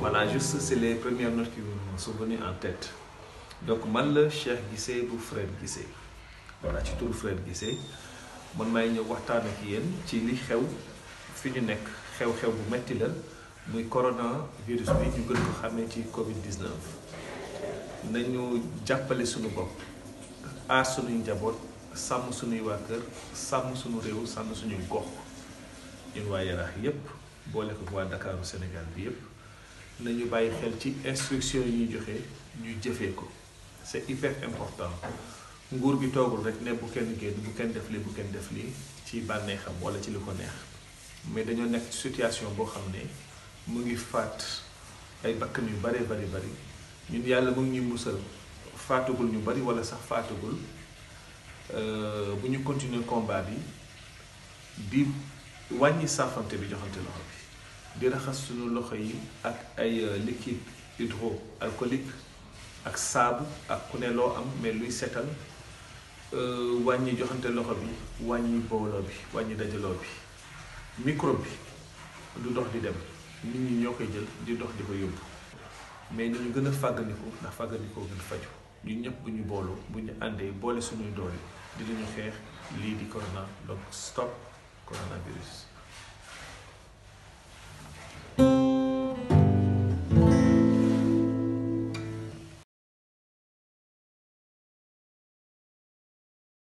voilà juste c'est les premières notes qui vous sont venues en tête donc man le cher Guissé bu Fred Guissé voilà ci turu Fred Guissé mon may ñëw waxtaan ak yéen ci li xew fi ñu mettez xew-xew bu metti la muy coronavirus bi ñu gën ko xamee ci Covid 19 nañu jàppale suñu bopp aar suñuy njaboot. sàmm suñuy waa kër sàmm suñu réew sàmm suñuy gox ñun waa Yaraax yépp boole ko waa Dakaaru Sénégal bi yépp nañu bàyyi xel ci instruction yi ñuy joxe ñu jëfee ko c'est hyper important nguur gi toogul rek ne bu kenn génn bu kenn def lii bu kenn def lii ci bànneexam wala ci li ko neex mais dañoo nekk ci situation boo xam ne mu ngi faat ay bakkan yu bare bari bari ñun yàlla mu ngi musal faatagul ñu bari wala sax faatagul Euh, bu ñu continuer combat bi di wàññi saafante bi joxante loxo bi di raxas suñu loxo yi ak ay euh, liquide hydroalcoolique ak saabu ak ku ne loo am mais luy setal euh, wàññi joxante loxo bi wàññi booloo bi wàññi dajaloo bi microbe bi du dox di dem nit ñi ñoo koy jël di dox di ko yóbbu mais ñu gën a fàggandiku ndax fàggandiku gën faju ñun ñëpp bu ñu booloo bu ñu àndee boole suñuy doole dinañu xeex lii di corona doc stop coronavirus.